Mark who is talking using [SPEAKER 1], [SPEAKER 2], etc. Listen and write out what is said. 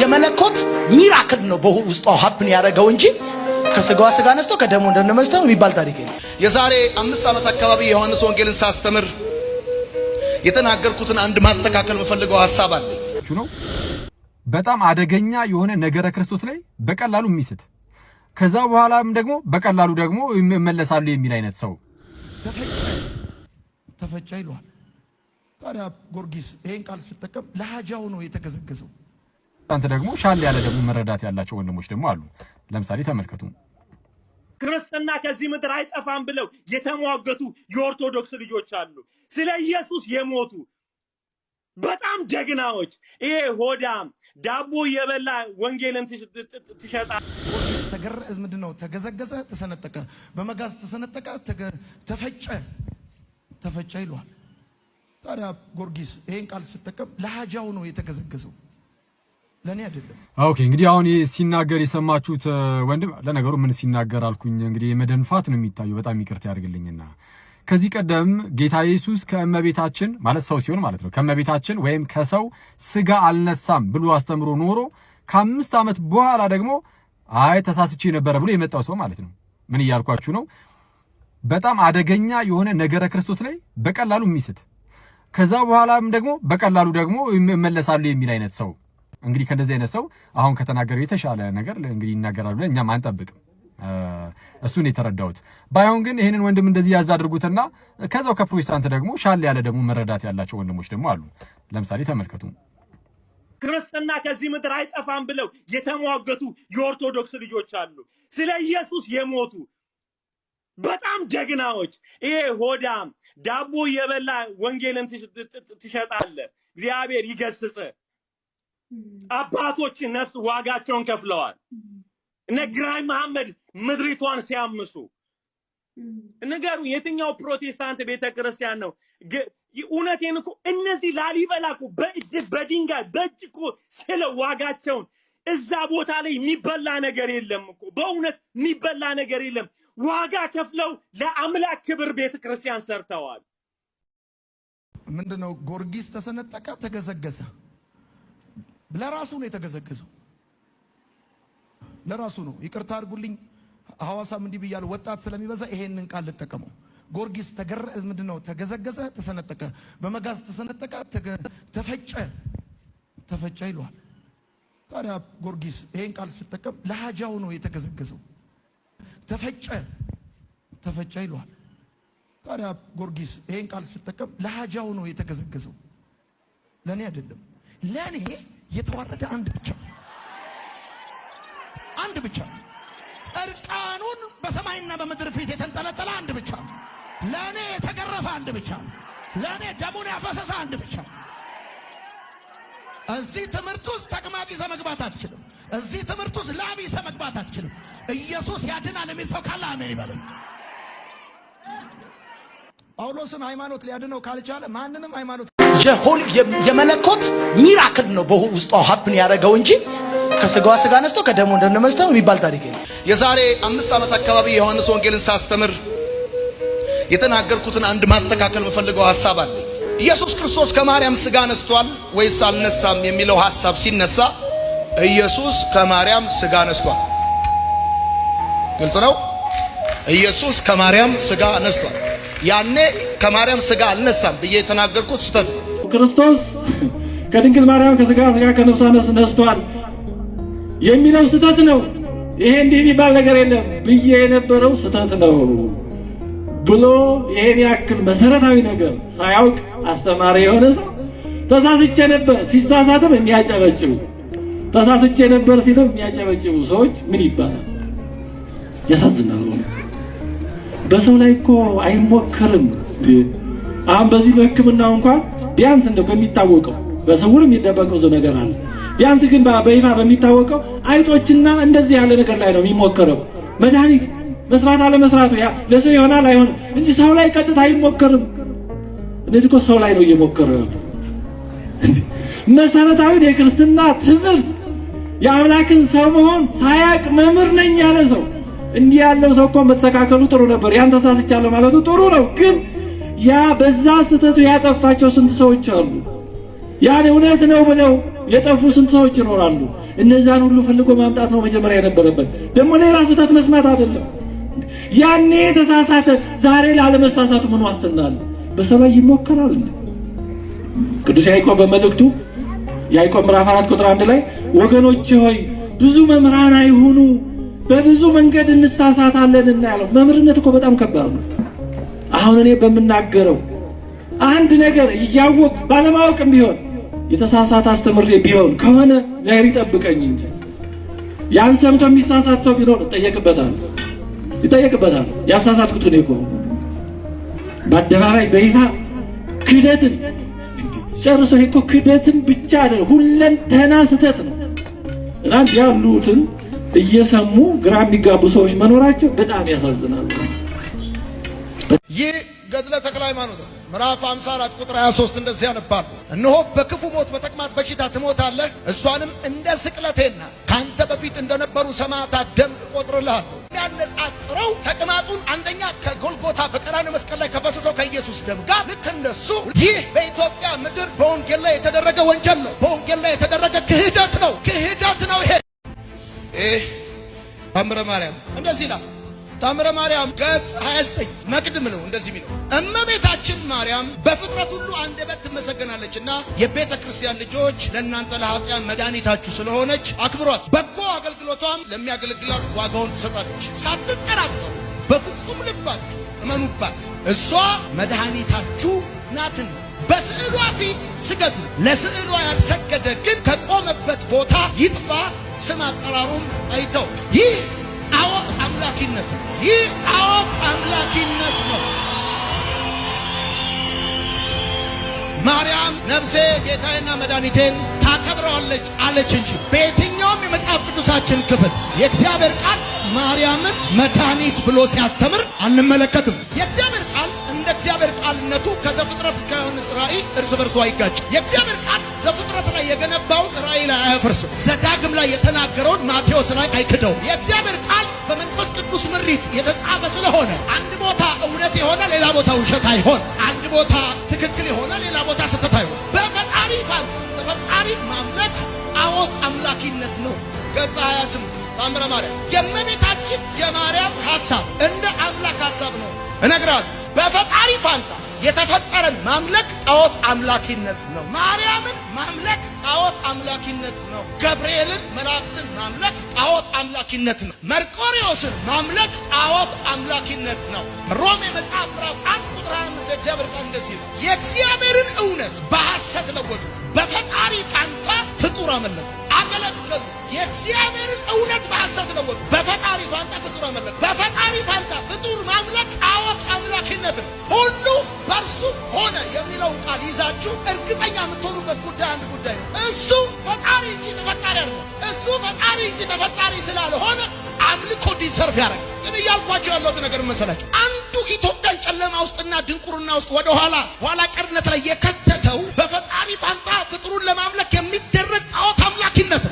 [SPEAKER 1] የመለኮት ሚራክል ነው በውስጧ ሀፕን ያደረገው እንጂ ከስጋዋ ስጋ ነስቶ ከደሞ እንደነመስተው የሚባል ታሪክ የለም።
[SPEAKER 2] የዛሬ አምስት ዓመት አካባቢ የዮሐንስ ወንጌልን ሳስተምር የተናገርኩትን አንድ ማስተካከል የምፈልገው ሀሳብ አለ
[SPEAKER 3] ነው። በጣም አደገኛ የሆነ ነገረ ክርስቶስ ላይ በቀላሉ የሚስት ከዛ በኋላም ደግሞ በቀላሉ ደግሞ ይመለሳሉ የሚል አይነት ሰው
[SPEAKER 1] ተፈጫ ይለዋል። ታዲያ ጎርጊስ ይሄን ቃል ሲጠቀም ለሀጃው ነው የተገዘገዘው።
[SPEAKER 3] አንተ ደግሞ ሻል ያለ ደግሞ መረዳት ያላቸው ወንድሞች ደግሞ አሉ። ለምሳሌ ተመልከቱ።
[SPEAKER 2] ክርስትና ከዚህ ምድር አይጠፋም ብለው የተሟገቱ የኦርቶዶክስ ልጆች አሉ። ስለ ኢየሱስ የሞቱ በጣም ጀግናዎች። ይሄ ሆዳም ዳቦ እየበላ ወንጌልን ትሸጣል።
[SPEAKER 1] ምንድን ነው? ተገዘገዘ፣ ተሰነጠቀ፣ በመጋዝ ተሰነጠቀ፣ ተፈጨ፣ ተፈጨ ይለዋል። ታዲያ ጎርጊስ ይሄን ቃል ሲጠቀም ለሀጃው ነው የተገዘገዘው። ለእኔ አይደለም።
[SPEAKER 3] ኦኬ እንግዲህ አሁን ሲናገር የሰማችሁት ወንድም፣ ለነገሩ ምን ሲናገር አልኩኝ፣ እንግዲህ የመደንፋት ነው የሚታየው። በጣም ይቅርታ ያድርግልኝና ከዚህ ቀደም ጌታ ኢየሱስ ከእመቤታችን ማለት ሰው ሲሆን ማለት ነው ከእመቤታችን ወይም ከሰው ስጋ አልነሳም ብሎ አስተምሮ ኖሮ ከአምስት ዓመት በኋላ ደግሞ አይ ተሳስቼ ነበረ ብሎ የመጣው ሰው ማለት ነው። ምን እያልኳችሁ ነው? በጣም አደገኛ የሆነ ነገረ ክርስቶስ ላይ በቀላሉ የሚስት ከዛ በኋላም ደግሞ በቀላሉ ደግሞ ይመለሳሉ የሚል አይነት ሰው እንግዲህ ከእንደዚህ አይነት ሰው አሁን ከተናገረው የተሻለ ነገር እንግዲህ ይናገራል ብለን እኛም አንጠብቅም። እሱን የተረዳሁት ባይሆን ግን ይህንን ወንድም እንደዚህ ያዝ አድርጉትና ከዛው ከፕሮቴስታንት ደግሞ ሻል ያለ ደግሞ መረዳት ያላቸው ወንድሞች ደግሞ አሉ። ለምሳሌ ተመልከቱ።
[SPEAKER 2] ክርስትና ከዚህ ምድር አይጠፋም ብለው የተሟገቱ የኦርቶዶክስ ልጆች አሉ። ስለ ኢየሱስ የሞቱ በጣም ጀግናዎች። ይሄ ሆዳም ዳቦ እየበላ ወንጌልን ትሸጣለ። እግዚአብሔር ይገስጽ። አባቶች ነፍስ ዋጋቸውን ከፍለዋል። እነ ግራኝ መሐመድ ምድሪቷን ሲያምሱ ንገሩ። የትኛው ፕሮቴስታንት ቤተክርስቲያን ነው? እውነቴን እኮ እነዚህ ላሊበላ እኮ በእጅ በድንጋይ በእጅ እኮ ስለ ዋጋቸውን እዛ ቦታ ላይ የሚበላ ነገር የለም እኮ በእውነት የሚበላ ነገር የለም። ዋጋ ከፍለው ለአምላክ ክብር ቤተክርስቲያን ሰርተዋል።
[SPEAKER 1] ምንድነው? ጎርጊስ ተሰነጠቀ፣ ተገዘገዘ። ለራሱ ነው የተገዘገዘው። ለራሱ ነው። ይቅርታ አድርጉልኝ፣ ሐዋሳም እንዲህ ብያለሁ። ወጣት ስለሚበዛ ይሄንን ቃል ልጠቀመው። ጎርጊስ ተገረ ምንድን ነው? ተገዘገዘ፣ ተሰነጠቀ፣ በመጋዝ ተሰነጠቀ፣ ተፈጨ፣ ተፈጨ ይለዋል። ታዲያ ጎርጊስ ይሄን ቃል ስጠቀም ለሃጃው ነው የተገዘገዘው። ተፈጨ፣ ተፈጨ ይለዋል። ታዲያ ጎርጊስ ይሄን ቃል ስጠቀም ለሃጃው ነው የተገዘገዘው፣ ለእኔ አይደለም ለእኔ የተዋረደ አንድ ብቻ አንድ ብቻ እርቃኑን በሰማይና በምድር ፊት የተንጠለጠለ አንድ ብቻ ለእኔ የተገረፈ አንድ ብቻ ለእኔ ደሙን ያፈሰሰ አንድ ብቻ እዚህ ትምህርት ውስጥ ተቅማጥ ይዘህ መግባት አትችልም። እዚህ ትምህርት ውስጥ ላብ ይዘህ መግባት አትችልም። ኢየሱስ ያድናል የሚል ሰው ካለ አሜን ይበል።
[SPEAKER 3] ጳውሎስን ሃይማኖት ሊያድነው ካልቻለ ማንንም ሃይማኖት
[SPEAKER 1] የሆሊ የመለኮት ሚራክል ነው በውስጧ ሀብን ያደረገው እንጂ ከስጋዋ ስጋ አነስቶ ከደሞ እንደነመስተው የሚባል ታሪክ ነው።
[SPEAKER 2] የዛሬ አምስት ዓመት አካባቢ የዮሐንስ ወንጌልን ሳስተምር የተናገርኩትን አንድ ማስተካከል የምፈልገው ሐሳብ አለ። ኢየሱስ ክርስቶስ ከማርያም ስጋ ነስቷል ወይስ አልነሳም የሚለው ሐሳብ ሲነሳ ኢየሱስ ከማርያም ስጋ ነስቷል። ግልጽ ነው። ኢየሱስ ከማርያም ስጋ ነስቷል። ያኔ ከማርያም ስጋ አልነሳም ብዬ የተናገርኩት ስተት ነው።
[SPEAKER 4] ክርስቶስ ከድንግል ማርያም ከስጋ ስጋ ከነፍሷ ነፍስ ነስቷል የሚለው ስተት ነው። ይሄ እንዲህ የሚባል ነገር የለም ብዬ የነበረው ስተት ነው ብሎ ይሄን ያክል መሰረታዊ ነገር ሳያውቅ አስተማሪ የሆነ ሰው ተሳስቼ ነበር ሲሳሳትም የሚያጨበጭቡ ተሳስቼ ነበር ሲልም የሚያጨበጭቡ ሰዎች ምን ይባላል? ያሳዝናል። በሰው ላይ እኮ አይሞከርም። አሁን በዚህ በሕክምናው እንኳን ቢያንስ እንደው ከሚታወቀው በስውር የሚደበቀው ብዙ ነገር አለ። ቢያንስ ግን በይፋ በሚታወቀው አይጦችና እንደዚህ ያለ ነገር ላይ ነው የሚሞከረው። መድኃኒት መስራት አለመስራቱ ያ ለሰው ይሆናል አይሆንም እንጂ ሰው ላይ ቀጥታ አይሞከርም። እነዚህ እኮ ሰው ላይ ነው እየሞከረ ያለው። መሰረታዊ የክርስትና ትምህርት የአምላክን ሰው መሆን ሳያቅ መምህር ነኝ ያለ ሰው እንዲህ ያለው ሰው እኮ መተስተካከሉ ጥሩ ነበር። ያን ተሳስቻለሁ ማለቱ ጥሩ ነው ግን ያ በዛ ስህተቱ ያጠፋቸው ስንት ሰዎች አሉ። ያን እውነት ነው ብለው የጠፉ ስንት ሰዎች ይኖራሉ። እነዛን ሁሉ ፈልጎ ማምጣት ነው መጀመሪያ የነበረበት። ደግሞ ሌላ ስህተት መስማት አይደለም። ያኔ ተሳሳተ፣ ዛሬ ላለመሳሳቱ ምን ዋስትና አለ? በሰማይ ይሞከራል። ቅዱስ ያዕቆብ በመልእክቱ ያዕቆብ ምዕራፍ 4 ቁጥር 1 ላይ ወገኖች ሆይ ብዙ መምህራን አይሁኑ፣ በብዙ መንገድ እንሳሳታለንና ያለው መምህርነት እኮ በጣም ከባድ ነው። አሁን እኔ በምናገረው አንድ ነገር እያወቅ ባለማወቅም ቢሆን የተሳሳተ አስተምሬ ቢሆን ከሆነ ዘይር ይጠብቀኝ እንጂ ያን ሰምቶ የሚሳሳት ሰው ቢኖር ይጠየቅበታል ይጠየቅበታል። ያሳሳትኩት እኔ እኮ በአደባባይ በይፋ ክደትን ጨርሶ ይሄ እኮ ክደትን ብቻ አይደለም፣ ሁለንተና ስህተት ነው። እናንት ያሉትን እየሰሙ ግራ የሚጋቡ ሰዎች መኖራቸው በጣም ያሳዝናል።
[SPEAKER 2] ይህ ገድለ ተክለ ሃይማኖት ምዕራፍ 54 ቁጥር 23 እንደዚህ ያነባሉ። እነሆ በክፉ ሞት በተቅማጥ በሽታ ትሞታለህ፣ እሷንም እንደ ስቅለቴና ካንተ በፊት እንደነበሩ ሰማዕታት ደም እቆጥርልሃለሁ። ያነጻጽረው ተቅማጡን አንደኛ ከጎልጎታ በቀራንዮ መስቀል ላይ ከፈሰሰው ከኢየሱስ ደም ጋር ልክ እንደሱ። ይህ በኢትዮጵያ ምድር በወንጌል ላይ የተደረገ ወንጀል ነው። በወንጌል ላይ የተደረገ ክህደት ነው። ክህደት ነው። ይሄ ይህ ታምረ ማርያም እንደዚህ ይላል ታምረ ማርያም ገጽ 29 መቅድም ነው እንደዚህ የሚለው እመቤታችን ማርያም በፍጥረት ሁሉ አንደበት ትመሰገናለችና የቤተ ክርስቲያን ልጆች ለእናንተ ለኃጢያን መድኃኒታችሁ ስለሆነች አክብሯት። በጎ አገልግሎቷም ለሚያገለግላት ዋጋውን ትሰጣለች። ሳትጠራጠሩ በፍጹም ልባችሁ እመኑባት። እሷ መድኃኒታችሁ ናትን በስዕሏ ፊት ስገዱ። ለስዕሏ ያልሰገደ ግን ከቆመበት ቦታ ይጥፋ፣ ስም አጠራሩም አይተው ይህ አወቅ አምላኪነት ይህ አወቅ አምላኪነት ነው። ማርያም ነፍሴ ጌታዬና መድኃኒቴን ታከብረዋለች አለች እንጂ በየትኛውም የመጽሐፍ ቅዱሳችን ክፍል የእግዚአብሔር ቃል ማርያምን መድኃኒት ብሎ ሲያስተምር አንመለከትም። የእግዚአብሔር ቃል የእግዚአብሔር ቃልነቱ ከዘፍጥረት እስከ ዮሐንስ ራእይ እርስ በርሱ አይጋጭ። የእግዚአብሔር ቃል ዘፍጥረት ላይ የገነባውን ራእይ ላይ አያፈርስም። ዘዳግም ላይ የተናገረውን ማቴዎስ ላይ አይክደው። የእግዚአብሔር ቃል በመንፈስ ቅዱስ ምሪት የተጻፈ ስለሆነ አንድ ቦታ እውነት የሆነ ሌላ ቦታ ውሸት አይሆን፣ አንድ ቦታ ትክክል የሆነ ሌላ ቦታ ስህተት አይሆን። በፈጣሪ ፋንት ተፈጣሪ ማምለክ ጣዖት አምላኪነት ነው። ገጽ 28 ታምረ ማርያም የእመቤታችን የማርያም ሐሳብ እንደ አምላክ ሐሳብ ነው እነግራለሁ። የተፈጠረን ማምለክ ጣዖት አምላኪነት ነው። ማርያምን ማምለክ ጣዖት አምላኪነት ነው። ገብርኤልን መላእክትን ማምለክ ጣዖት አምላኪነት ነው። መርቆሪዎስን ማምለክ ጣዖት አምላኪነት ነው። ሮሜ መጽሐፍ ምዕራፍ አንድ ቁጥር አምስት ለእግዚአብሔር ቃል እንደዚህ ነው፣ የእግዚአብሔርን እውነት በሐሰት ለወጡ፣ በፈጣሪ ፋንታ ፍጡር አመለኩ፣ አገለገሉ። የእግዚአብሔርን እውነት በሐሰት ለወጡ፣ በፈጣሪ ፋንታ ፍጡር አመለኩ። በፈጣሪ ፋንታ ፍጡር ማምለክ ጣዖት አምላኪነት ነው ሁሉ የሚለው ቃል ይዛችሁ እርግጠኛ የምትሆኑበት ጉዳይ አንድ ጉዳይ ነው። እሱ ፈጣሪ እንጂ ተፈጣሪ አለ። እሱ ፈጣሪ እንጂ ተፈጣሪ ስላልሆነ አምልኮ ዲዘርቭ ያደረግ ግን እያልኳቸው ያለሁት ነገር መሰላቸው አንዱ ኢትዮጵያን ጨለማ ውስጥና ድንቁርና ውስጥ ወደ ኋላ ኋላ ቀርነት ላይ የከተተው በፈጣሪ ፋንታ ፍጥሩን ለማምለክ የሚደረግ ጣዖት አምላኪነት ነው።